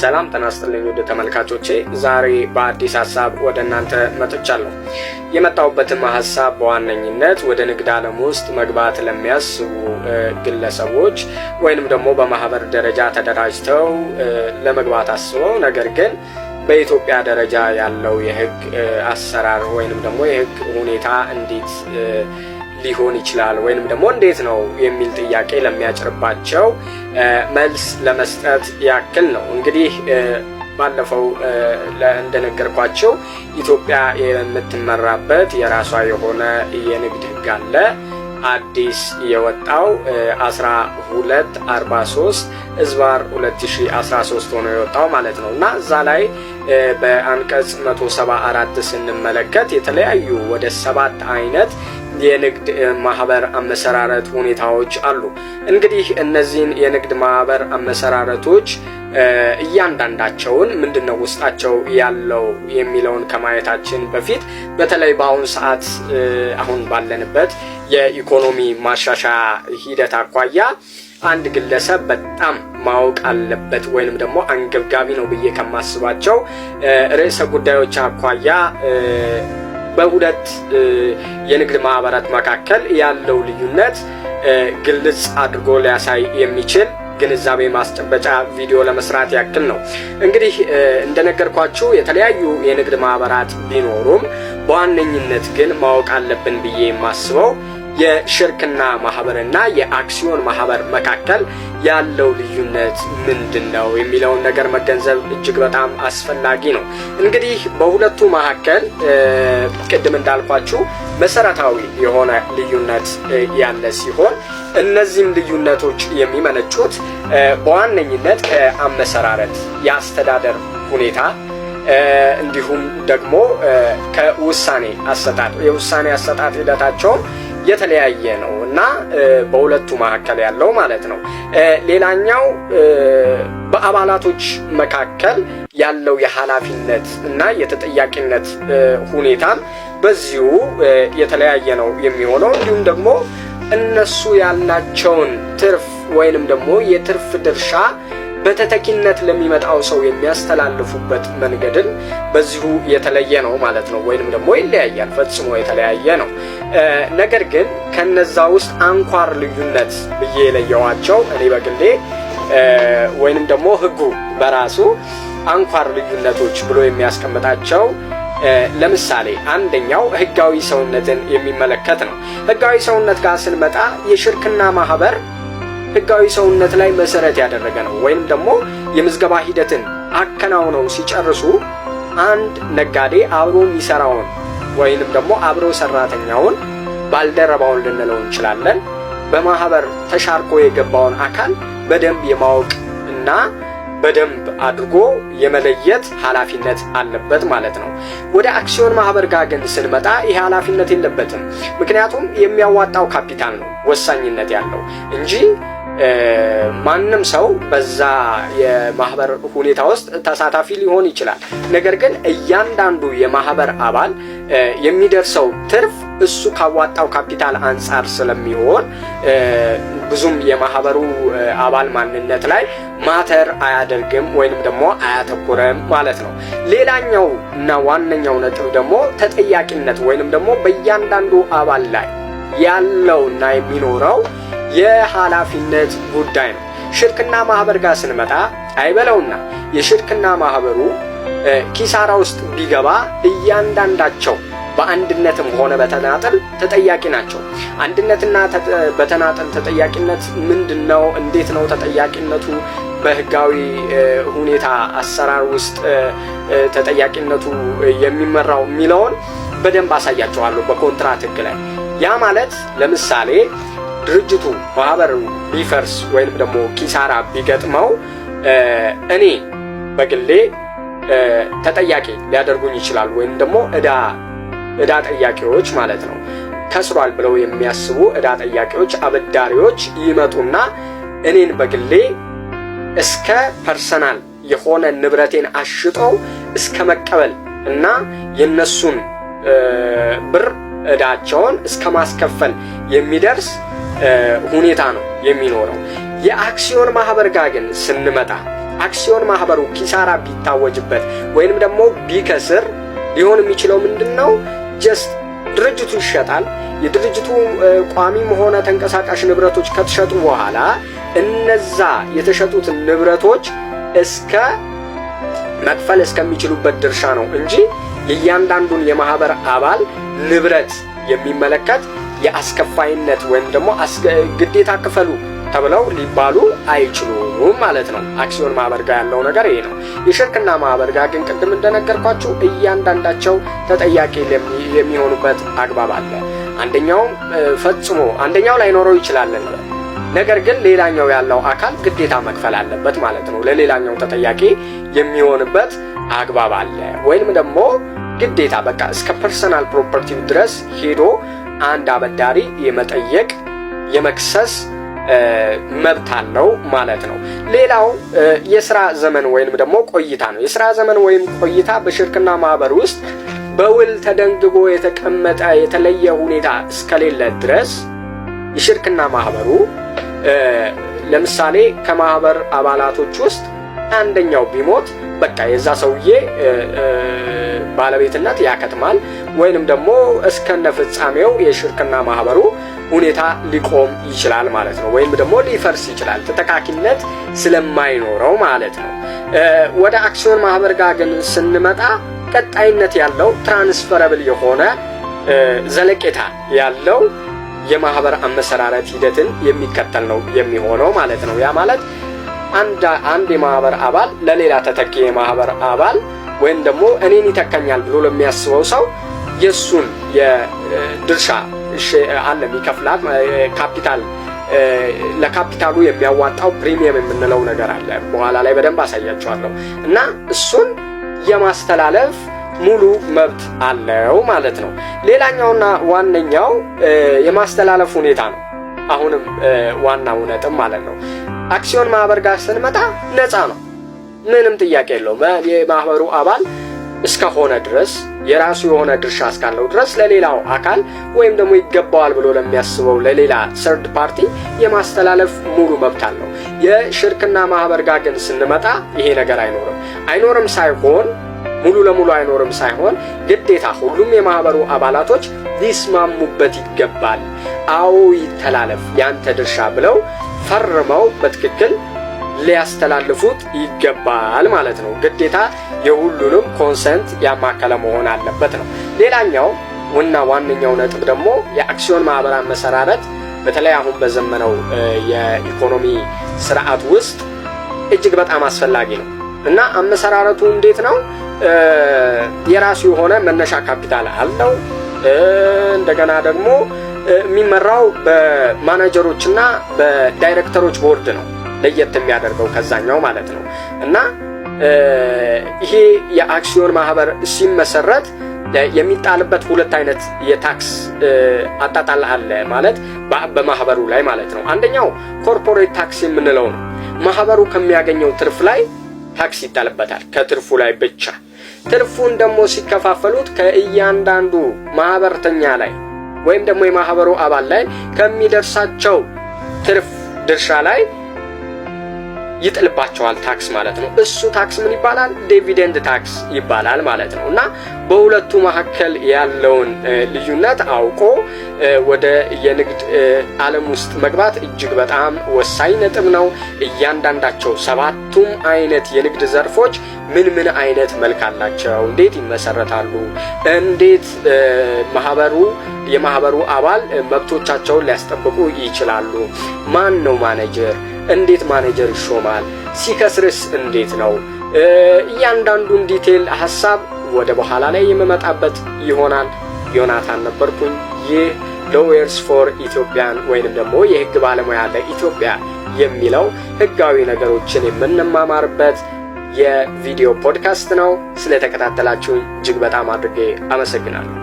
ሰላም ጤና ይስጥልኝ ውድ ተመልካቾቼ፣ ዛሬ በአዲስ ሀሳብ ወደ እናንተ መጥቻለሁ። የመጣሁበትም ሀሳብ በዋነኝነት ወደ ንግድ ዓለም ውስጥ መግባት ለሚያስቡ ግለሰቦች ወይንም ደግሞ በማህበር ደረጃ ተደራጅተው ለመግባት አስበው ነገር ግን በኢትዮጵያ ደረጃ ያለው የህግ አሰራር ወይንም ደግሞ የህግ ሁኔታ እንዴት ሊሆን ይችላል ወይንም ደግሞ እንዴት ነው የሚል ጥያቄ ለሚያጭርባቸው መልስ ለመስጠት ያክል ነው። እንግዲህ ባለፈው እንደነገርኳቸው ኢትዮጵያ የምትመራበት የራሷ የሆነ የንግድ ሕግ አለ። አዲስ የወጣው 1243 እዝባር 2013 ሆኖ የወጣው ማለት ነው እና እዛ ላይ በአንቀጽ 174 ስንመለከት የተለያዩ ወደ ሰባት አይነት የንግድ ማህበር አመሰራረት ሁኔታዎች አሉ። እንግዲህ እነዚህን የንግድ ማህበር አመሰራረቶች እያንዳንዳቸውን ምንድነው ውስጣቸው ያለው የሚለውን ከማየታችን በፊት በተለይ በአሁኑ ሰዓት አሁን ባለንበት የኢኮኖሚ ማሻሻያ ሂደት አኳያ አንድ ግለሰብ በጣም ማወቅ አለበት ወይንም ደግሞ አንገብጋቢ ነው ብዬ ከማስባቸው ርዕሰ ጉዳዮች አኳያ በሁለት የንግድ ማህበራት መካከል ያለው ልዩነት ግልጽ አድርጎ ሊያሳይ የሚችል ግንዛቤ ማስጨበጫ ቪዲዮ ለመስራት ያክል ነው። እንግዲህ እንደነገርኳችሁ የተለያዩ የንግድ ማህበራት ቢኖሩም በዋነኝነት ግን ማወቅ አለብን ብዬ የማስበው የሽርክና ማህበርና የአክሲዮን ማህበር መካከል ያለው ልዩነት ምንድን ነው የሚለውን ነገር መገንዘብ እጅግ በጣም አስፈላጊ ነው። እንግዲህ በሁለቱ መካከል ቅድም እንዳልኳችሁ መሰረታዊ የሆነ ልዩነት ያለ ሲሆን እነዚህም ልዩነቶች የሚመነጩት በዋነኝነት ከአመሰራረት የአስተዳደር ሁኔታ እንዲሁም ደግሞ ከውሳኔ አሰጣጥ የውሳኔ አሰጣጥ ሂደታቸውን የተለያየ ነው እና በሁለቱ መካከል ያለው ማለት ነው። ሌላኛው በአባላቶች መካከል ያለው የኃላፊነት እና የተጠያቂነት ሁኔታም በዚሁ የተለያየ ነው የሚሆነው እንዲሁም ደግሞ እነሱ ያላቸውን ትርፍ ወይንም ደግሞ የትርፍ ድርሻ በተተኪነት ለሚመጣው ሰው የሚያስተላልፉበት መንገድን በዚሁ የተለየ ነው ማለት ነው፣ ወይንም ደግሞ ይለያያል፣ ፈጽሞ የተለያየ ነው። ነገር ግን ከነዛ ውስጥ አንኳር ልዩነት ብዬ የለየዋቸው እኔ በግሌ ወይንም ደግሞ ህጉ በራሱ አንኳር ልዩነቶች ብሎ የሚያስቀምጣቸው ለምሳሌ አንደኛው ህጋዊ ሰውነትን የሚመለከት ነው። ህጋዊ ሰውነት ጋር ስንመጣ የሽርክና ማህበር ህጋዊ ሰውነት ላይ መሰረት ያደረገ ነው። ወይም ደግሞ የምዝገባ ሂደትን አከናውነው ሲጨርሱ አንድ ነጋዴ አብሮ የሚሰራውን ወይንም ደግሞ አብሮ ሰራተኛውን ባልደረባውን ልንለው እንችላለን በማህበር ተሻርኮ የገባውን አካል በደንብ የማወቅ እና በደንብ አድርጎ የመለየት ኃላፊነት አለበት ማለት ነው። ወደ አክሲዮን ማህበር ጋር ግን ስንመጣ ይህ ኃላፊነት የለበትም። ምክንያቱም የሚያዋጣው ካፒታል ነው ወሳኝነት ያለው እንጂ ማንም ሰው በዛ የማህበር ሁኔታ ውስጥ ተሳታፊ ሊሆን ይችላል። ነገር ግን እያንዳንዱ የማህበር አባል የሚደርሰው ትርፍ እሱ ካዋጣው ካፒታል አንጻር ስለሚሆን ብዙም የማህበሩ አባል ማንነት ላይ ማተር አያደርግም ወይንም ደግሞ አያተኩረም ማለት ነው። ሌላኛው እና ዋነኛው ነጥብ ደግሞ ተጠያቂነት ወይንም ደግሞ በእያንዳንዱ አባል ላይ ያለው እና የሚኖረው የኃላፊነት ጉዳይ ነው። ሽርክና ማህበር ጋር ስንመጣ አይበለውና የሽርክና ማህበሩ ኪሳራ ውስጥ ቢገባ እያንዳንዳቸው በአንድነትም ሆነ በተናጠል ተጠያቂ ናቸው። አንድነትና በተናጠል ተጠያቂነት ምንድን ነው? እንዴት ነው ተጠያቂነቱ? በህጋዊ ሁኔታ አሰራር ውስጥ ተጠያቂነቱ የሚመራው የሚለውን በደንብ አሳያቸዋለሁ በኮንትራት ህግ ላይ። ያ ማለት ለምሳሌ ድርጅቱ ማህበሩ ሊፈርስ ወይም ደግሞ ኪሳራ ቢገጥመው እኔ በግሌ ተጠያቂ ሊያደርጉኝ ይችላል ወይም ደግሞ እዳ እዳ ጠያቂዎች ማለት ነው ከስሯል ብለው የሚያስቡ እዳ ጠያቂዎች አበዳሪዎች ይመጡና እኔን በግሌ እስከ ፐርሰናል የሆነ ንብረቴን አሽጠው እስከ መቀበል እና የነሱን ብር እዳቸውን እስከ ማስከፈል የሚደርስ ሁኔታ ነው የሚኖረው። የአክሲዮን ማህበር ጋር ግን ስንመጣ አክሲዮን ማህበሩ ኪሳራ ቢታወጅበት ወይንም ደግሞ ቢከስር ሊሆን የሚችለው ምንድን ነው? ጀስት ድርጅቱ ይሸጣል። የድርጅቱ ቋሚም ሆነ ተንቀሳቃሽ ንብረቶች ከተሸጡ በኋላ እነዛ የተሸጡት ንብረቶች እስከ መክፈል እስከሚችሉበት ድርሻ ነው እንጂ የእያንዳንዱን የማህበር አባል ንብረት የሚመለከት የአስከፋይነት ወይም ደግሞ ግዴታ ክፈሉ ተብለው ሊባሉ አይችሉም ማለት ነው። አክሲዮን ማህበር ጋር ያለው ነገር ይሄ ነው። የሽርክና ማህበር ጋር ግን ቅድም እንደነገርኳችሁ እያንዳንዳቸው ተጠያቂ የሚሆኑበት አግባብ አለ። አንደኛውም ፈጽሞ አንደኛው ላይኖረው ይችላል ነገር ግን ሌላኛው ያለው አካል ግዴታ መክፈል አለበት ማለት ነው። ለሌላኛው ተጠያቂ የሚሆንበት አግባብ አለ። ወይም ደግሞ ግዴታ በቃ እስከ ፐርሰናል ፕሮፐርቲው ድረስ ሄዶ አንድ አበዳሪ የመጠየቅ የመክሰስ መብት አለው ማለት ነው። ሌላው የስራ ዘመን ወይም ደግሞ ቆይታ ነው። የስራ ዘመን ወይም ቆይታ በሽርክና ማህበር ውስጥ በውል ተደንግጎ የተቀመጠ የተለየ ሁኔታ እስከሌለ ድረስ የሽርክና ማህበሩ ለምሳሌ ከማህበር አባላቶች ውስጥ አንደኛው ቢሞት በቃ የዛ ሰውዬ ባለቤትነት ያከትማል፣ ወይንም ደግሞ እስከነ ፍጻሜው የሽርክና ማህበሩ ሁኔታ ሊቆም ይችላል ማለት ነው። ወይም ደግሞ ሊፈርስ ይችላል ተተካኪነት ስለማይኖረው ማለት ነው። ወደ አክሲዮን ማህበር ጋር ግን ስንመጣ ቀጣይነት ያለው ትራንስፈረብል የሆነ ዘለቄታ ያለው የማህበር አመሰራረት ሂደትን የሚከተል ነው የሚሆነው ማለት ነው። ያ ማለት አንድ የማህበር አባል ለሌላ ተተኪ የማህበር አባል ወይም ደግሞ እኔን ይተካኛል ብሎ ለሚያስበው ሰው የእሱን የድርሻ አለ ይከፍላል። ካፒታል ለካፒታሉ የሚያዋጣው ፕሪሚየም የምንለው ነገር አለ። በኋላ ላይ በደንብ አሳያቸዋለሁ። እና እሱን የማስተላለፍ ሙሉ መብት አለው ማለት ነው። ሌላኛውና ዋነኛው የማስተላለፍ ሁኔታ ነው። አሁንም ዋናው ነጥብ ማለት ነው አክሲዮን ማህበር ጋር ስንመጣ ነፃ ነው፣ ምንም ጥያቄ የለውም። የማህበሩ አባል እስከሆነ ድረስ የራሱ የሆነ ድርሻ እስካለው ድረስ ለሌላው አካል ወይም ደግሞ ይገባዋል ብሎ ለሚያስበው ለሌላ ሰርድ ፓርቲ የማስተላለፍ ሙሉ መብት አለው። የሽርክና ማህበር ጋር ግን ስንመጣ ይሄ ነገር አይኖርም። አይኖርም ሳይሆን ሙሉ ለሙሉ አይኖርም ሳይሆን ግዴታ ሁሉም የማህበሩ አባላቶች ሊስማሙበት ይገባል። አዎ ይተላለፍ ያንተ ድርሻ ብለው ፈርመው በትክክል ሊያስተላልፉት ይገባል ማለት ነው። ግዴታ የሁሉንም ኮንሰንት ያማከለ መሆን አለበት ነው። ሌላኛው እና ዋነኛው ነጥብ ደግሞ የአክሲዮን ማህበር መሰራረት በተለይ አሁን በዘመነው የኢኮኖሚ ስርዓት ውስጥ እጅግ በጣም አስፈላጊ ነው እና አመሰራረቱ እንዴት ነው? የራሱ የሆነ መነሻ ካፒታል አለው። እንደገና ደግሞ የሚመራው በማናጀሮችና በዳይሬክተሮች ቦርድ ነው ለየት የሚያደርገው ከዛኛው ማለት ነው እና ይሄ የአክሲዮን ማህበር ሲመሰረት የሚጣልበት ሁለት አይነት የታክስ አጣጣል አለ ማለት በማህበሩ ላይ ማለት ነው። አንደኛው ኮርፖሬት ታክስ የምንለው ነው። ማህበሩ ከሚያገኘው ትርፍ ላይ ታክስ ይጣልበታል፣ ከትርፉ ላይ ብቻ። ትርፉን ደግሞ ሲከፋፈሉት ከእያንዳንዱ ማህበርተኛ ላይ ወይም ደግሞ የማህበሩ አባል ላይ ከሚደርሳቸው ትርፍ ድርሻ ላይ ይጥልባቸዋል ታክስ ማለት ነው። እሱ ታክስ ምን ይባላል? ዲቪደንድ ታክስ ይባላል ማለት ነው። እና በሁለቱ መካከል ያለውን ልዩነት አውቆ ወደ የንግድ ዓለም ውስጥ መግባት እጅግ በጣም ወሳኝ ነጥብ ነው። እያንዳንዳቸው ሰባቱም አይነት የንግድ ዘርፎች ምን ምን አይነት መልክ አላቸው፣ እንዴት ይመሰረታሉ፣ እንዴት ማህበሩ የማህበሩ አባል መብቶቻቸውን ሊያስጠብቁ ይችላሉ፣ ማን ነው ማኔጀር፣ እንዴት ማኔጀር ይሾማል፣ ሲከስርስ እንዴት ነው፣ እያንዳንዱን ዲቴል ሀሳብ ወደ በኋላ ላይ የምመጣበት ይሆናል። ዮናታን ነበርኩኝ። ይህ ሎዌርስ ፎር ኢትዮጵያን ወይንም ደግሞ የህግ ባለሙያ ለኢትዮጵያ የሚለው ህጋዊ ነገሮችን የምንማማርበት የቪዲዮ ፖድካስት ነው። ስለተከታተላችሁ እጅግ በጣም አድርጌ አመሰግናለሁ።